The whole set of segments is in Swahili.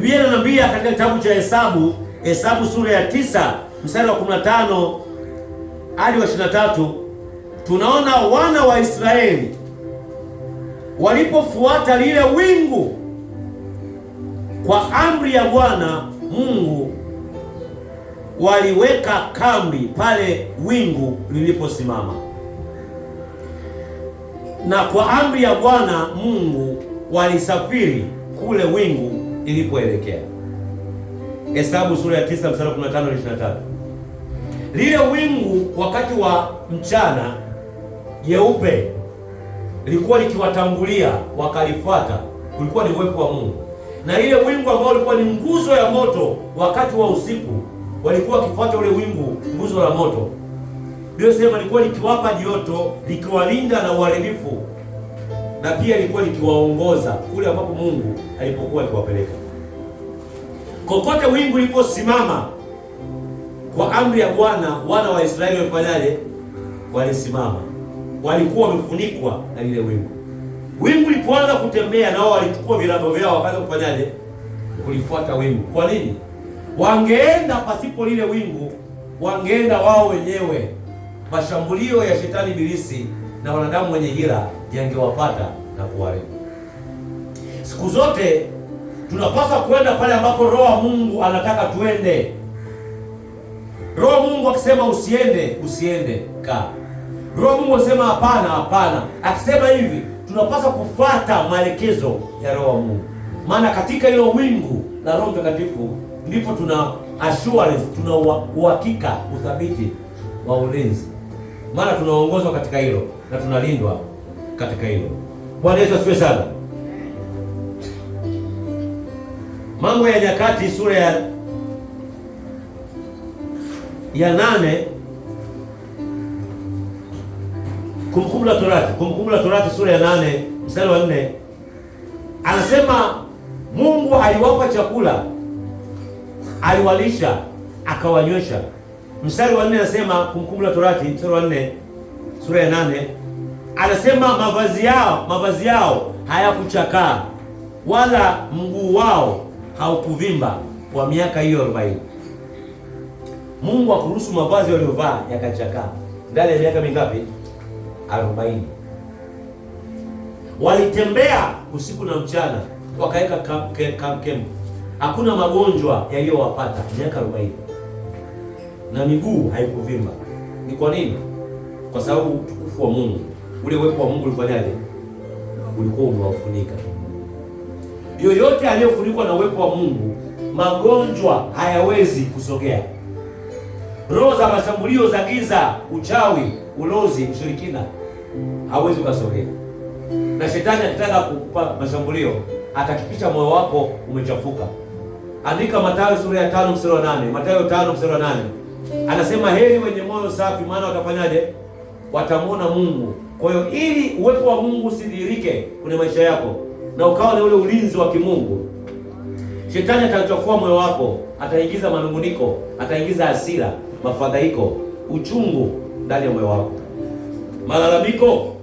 Biblia inaniambia katika kitabu cha Hesabu, Hesabu sura ya tisa mstari wa 15 hadi wa 23, tunaona wana wa Israeli walipofuata lile wingu kwa amri ya Bwana Mungu waliweka kambi pale wingu liliposimama, na kwa amri ya Bwana Mungu walisafiri kule wingu ilipoelekea. Hesabu sura ya 9 mstari 15 23. Lile wingu wakati wa mchana jeupe lilikuwa likiwatangulia, wakalifuata, kulikuwa ni uwepo wa Mungu. Na ile wingu ambao ulikuwa ni nguzo ya moto wakati wa usiku, walikuwa wakifuata ule wingu, nguzo la moto. Biblia sema likuwa likiwapa joto, likiwalinda na uharibifu na pia ilikuwa likiwaongoza kule ambapo Mungu alipokuwa akiwapeleka. Kokote wingu liliposimama kwa amri ya Bwana, wana wa Israeli walifanyaje? Walisimama, walikuwa wamefunikwa na lile wingu. Wingu lipoanza kutembea, nao walichukua vilambo vyao wakaanza kufanyaje? Kulifuata wingu. Kwa nini? Wangeenda pasipo lile wingu, wangeenda wao wenyewe, mashambulio ya shetani bilisi na wanadamu wenye hila yangewapata na kuharibu. Siku zote tunapaswa kwenda pale ambapo roho wa Mungu anataka tuende. Roho wa Mungu akisema usiende, usiende, kaa. Roho Mungu akisema hapana, hapana. Akisema hivi, tunapaswa kufuata maelekezo ya roho wa Mungu, maana katika hilo wingu la Roho Mtakatifu ndipo tuna assurance, tuna uhakika, uthabiti wa ulinzi, maana tunaongozwa katika hilo na tunalindwa katika hilo. Bwana Yesu asifiwe sana. Mambo ya Nyakati sura ya ya nane Kumbukumbu la Torati, Kumbukumbu la Torati sura ya nane mstari wa nne anasema Mungu aliwapa chakula, aliwalisha, akawanywesha. Mstari wa nne anasema Kumbukumbu la Torati mstari wa nne sura ya nane anasema mavazi yao mavazi yao hayakuchakaa wala mguu wao haukuvimba kwa miaka hiyo arobaini. Mungu akuruhusu mavazi waliovaa yakachakaa ndani ya miaka mingapi? Arobaini. Walitembea usiku na mchana, wakaweka kamkem, hakuna magonjwa yaliyowapata miaka 40, na miguu haikuvimba. Ni kwa nini? Kwa sababu utukufu wa Mungu ule uwepo wa Mungu ulifanyaje? Ulikuwa umewafunika. Yoyote aliyofunikwa na uwepo wa Mungu, magonjwa hayawezi kusogea. Roho za mashambulio za giza, uchawi, ulozi, ushirikina hawezi ukasogea, na shetani akitaka kukupa mashambulio atakipisha moyo wako umechafuka. Andika Mathayo sura ya tano mstari wa Mathayo tano mstari wa nane anasema heri wenye moyo safi, maana watafanyaje? watamwona Mungu. Kwa hiyo ili uwepo wa Mungu usidhihirike kwenye maisha yako na ukawa na ule ulinzi wa kimungu, shetani atachafua moyo wako, ataingiza manunguniko, ataingiza hasira, mafadhaiko, uchungu ndani ya moyo wako, malalamiko.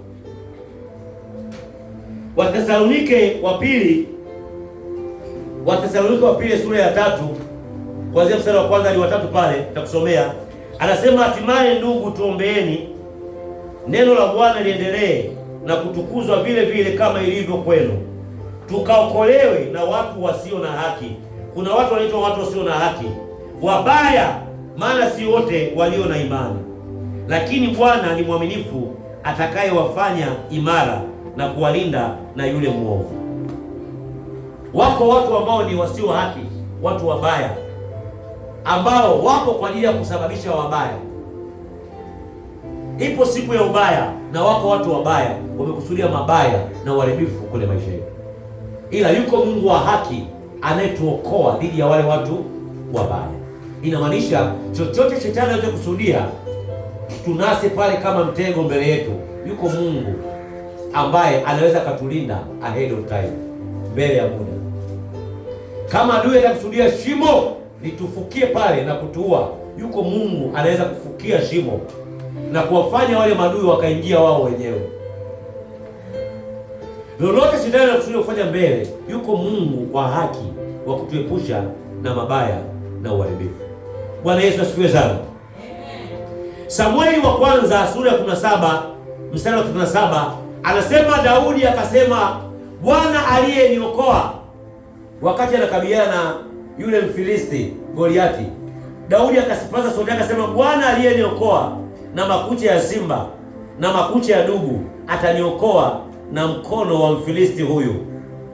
Wathesalonike wa pili, Wathesalonike wa pili sura ya tatu kuanzia mstari wa kwanza hadi watatu pale, nitakusomea anasema, hatimaye ndugu, tuombeeni Neno la Bwana liendelee na kutukuzwa vile vile kama ilivyo kwenu, tukaokolewe na watu wasio na haki. Kuna watu wanaitwa watu wasio na haki, wabaya, maana si wote walio na imani, lakini Bwana ni mwaminifu atakayewafanya imara na kuwalinda na yule mwovu. Wako watu ambao ni wasio haki, watu wabaya ambao wapo kwa ajili ya kusababisha wabaya Ipo siku ya ubaya, na wako watu wabaya wamekusudia mabaya na uharibifu kule maisha yetu, ila yuko Mungu wa haki anayetuokoa dhidi ya wale watu wabaya. Inamaanisha chochote shetani anachokusudia tunase pale kama mtego mbele yetu, yuko Mungu ambaye anaweza akatulinda ahead of time, mbele ya muda. Kama adui atakusudia shimo litufukie pale na kutuua, yuko Mungu anaweza kufukia shimo na kuwafanya wale maadui wakaingia wao wenyewe. Lolote shetani anakusudia kufanya mbele, yuko Mungu wa haki wa kutuepusha na mabaya na uharibifu. Bwana Yesu asifiwe sana. Samueli wa kwanza sura ya 17 mstari wa 37 anasema, Daudi akasema, Bwana aliyeniokoa. Wakati anakabiliana na yule Mfilisti Goliati, Daudi akasipaza sauti akasema, Bwana aliyeniokoa na makucha ya simba na makucha ya dubu ataniokoa na mkono wa Mfilisti huyu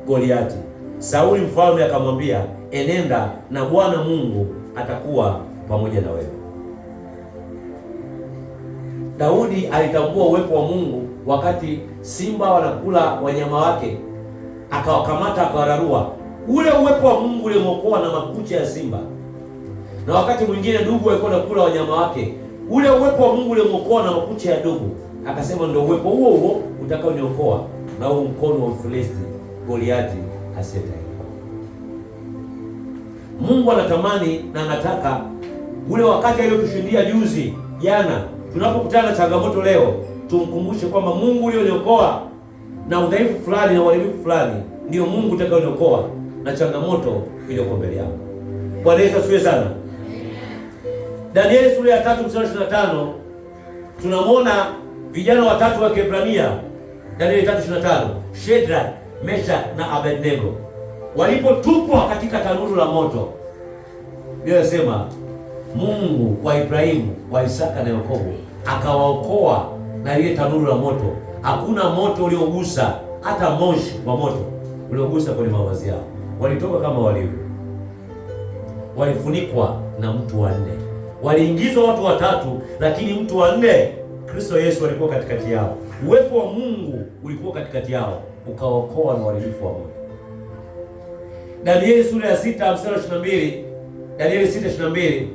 Goliati. Sauli mfalme akamwambia, enenda na Bwana Mungu atakuwa pamoja na wewe. Daudi alitambua uwepo wa Mungu wakati simba wanakula wanyama wake, akawakamata akawararua. Ule uwepo wa Mungu ulimwokoa na makucha ya simba, na wakati mwingine dubu alikuwa anakula wanyama wake ule uwepo wa Mungu ulimwokoa na makucha ya dubu, akasema ndio uwepo huo huo utakaoniokoa na huu mkono wa Mfilisti Goliati asiyetahiriwa. Mungu anatamani na anataka ule wakati aliotushindia juzi jana, tunapokutana na changamoto leo, tumkumbushe kwamba Mungu ulioniokoa na udhaifu fulani na uharibifu fulani ndio Mungu utakaoniokoa na changamoto iliyoko mbele yangu. Bwana Yesu asifiwe sana. Danieli sura ya tatu mstari ishirini na tano tunamwona vijana watatu wa Kiebrania. Danieli tatu ishirini na tano Shadrach, Mesha na Abednego walipotupwa katika tanuru la moto, Biblia inasema Mungu wa Ibrahimu, wa Isaka na Yakobo akawaokoa na ile tanuru la moto. Hakuna moto uliogusa hata moshi wa moto uliogusa kwenye mavazi yao, walitoka kama walivyo, walifunikwa na mtu wa nne waliingizwa watu watatu, lakini mtu wa nne, Kristo Yesu alikuwa katikati yao. Uwepo wa Mungu ulikuwa katikati yao, ukaokoa na uharibifu wa Mungu. Danieli sura ya 6:22, Danieli 6:22,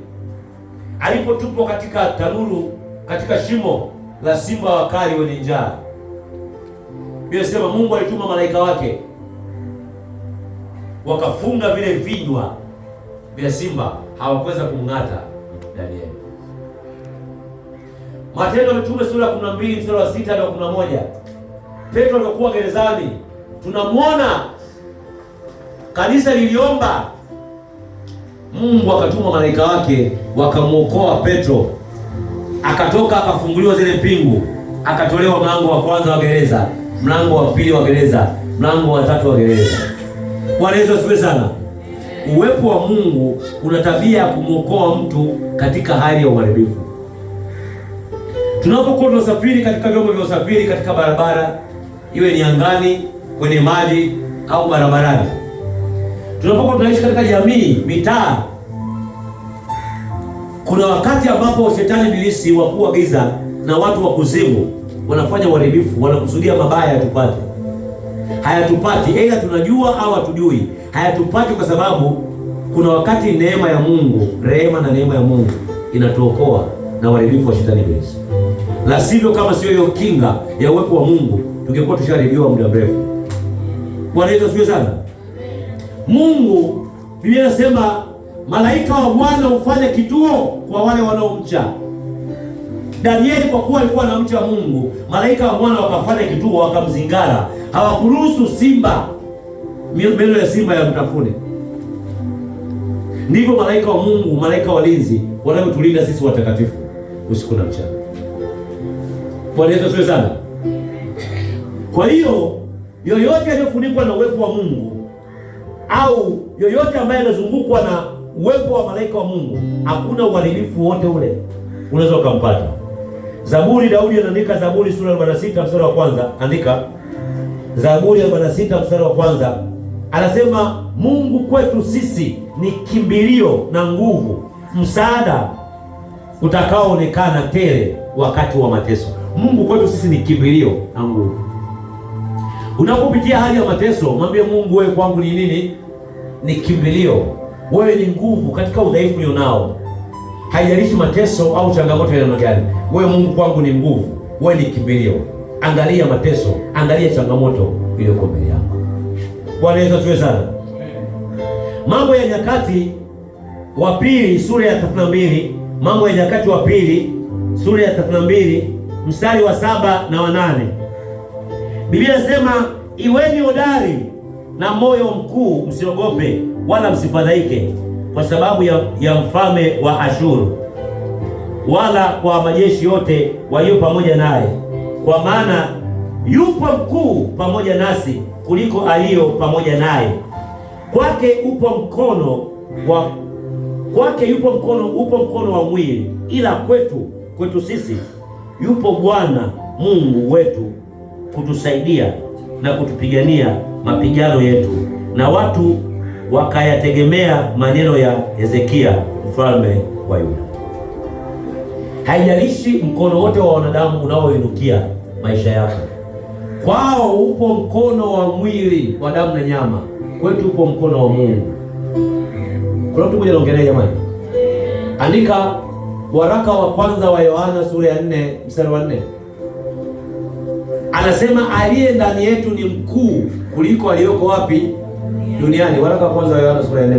alipotupwa katika tanuru, katika shimo la simba wakali wenye njaa, Biblia inasema Mungu alituma malaika wake wakafunga vile vinywa vya simba, hawakuweza kumng'ata ndani Matendo Mitume sura ya mbili mstari wa na hadi moja Petro alipokuwa gerezani, tunamwona kanisa liliomba, Mungu akatuma malaika wake wakamwokoa Petro, akatoka akafunguliwa zile pingu, akatolewa mlango wa kwanza wa gereza, mlango wa pili wa gereza, mlango wa tatu wa gereza. Bwana Yesu asifiwe sana uwepo wa Mungu una tabia ya kumwokoa mtu katika hali ya uharibifu. Tunapokuwa tunasafiri katika vyombo vya usafiri, katika barabara, iwe ni angani, kwenye maji au barabarani, tunapokuwa tunaishi katika jamii, mitaa, kuna wakati ambapo shetani bilisi wakuu wa giza na watu wa kuzimu wanafanya uharibifu, wanakusudia mabaya yatupate, hayatupati, aidha tunajua au hatujui hayatupati kwa sababu kuna wakati neema ya Mungu, rehema na neema ya Mungu inatuokoa na uharibifu wa shetani Ibilisi. La sivyo, kama sio hiyo kinga ya uwepo wa Mungu, tungekuwa tushaharibiwa muda mrefu. Bwana Yesu asifiwe sana. Mungu, Biblia inasema malaika wa Bwana hufanya kituo kwa wale wanaomcha. Danieli kwa kuwa alikuwa anamcha Mungu, malaika wa Bwana wakafanya kituo, wakamzingara, hawakuruhusu simba meno ya simba yamtafune. Ndivyo malaika wa Mungu, malaika walinzi wanavyotulinda sisi watakatifu usiku na mchana. Bwana Yesu asifiwe sana. Kwa hiyo yoyote aliyofunikwa na uwepo wa Mungu au yoyote ambaye anazungukwa na uwepo wa malaika wa Mungu, hakuna uharibifu wote ule unaweza ukampata. Zaburi, Daudi anaandika Zaburi sura ya 46 mstari wa kwanza, andika Zaburi ya 46 mstari wa kwanza Anasema Mungu kwetu sisi ni kimbilio na nguvu, msaada utakaoonekana tele wakati wa mateso. Mungu kwetu sisi ni kimbilio na nguvu. Unapopitia hali ya mateso, mwambie Mungu, wewe kwangu ni nini? Ni kimbilio, wewe ni nguvu katika udhaifu nionao. Haijalishi mateso au changamoto ya namna gani, wewe Mungu kwangu ni nguvu, wewe ni kimbilio. Angalia mateso, angalia changamoto iliyoko mbele yako. Bwana Yesu asifiwe sana. Mambo ya Nyakati wa pili sura ya 32, Mambo ya Nyakati wa pili sura ya 32 mstari wa saba na wanane Biblia inasema iweni hodari na moyo mkuu, msiogope wala msifadhaike kwa sababu ya, ya mfalme wa Ashuru, wala kwa majeshi yote walio pamoja naye, kwa maana yupo mkuu pamoja nasi kuliko aliyo pamoja naye. Kwake upo mkono wa kwake yupo mkono upo mkono wa mwili, ila kwetu kwetu sisi yupo Bwana Mungu wetu kutusaidia na kutupigania mapigano yetu. Na watu wakayategemea maneno ya Hezekia mfalme wa Yuda. Haijalishi mkono wote wa wanadamu unaoinukia maisha yako Kwao upo mkono wa mwili wa damu na nyama, kwetu upo mkono wa Mungu. Kuna mtu kuja naongelea jamani, andika waraka wa kwanza wa Yohana sura ya nne mstari wa nne anasema aliye ndani yetu ni mkuu kuliko aliyoko wapi duniani. Waraka wa kwanza wa Yohana sura ya nne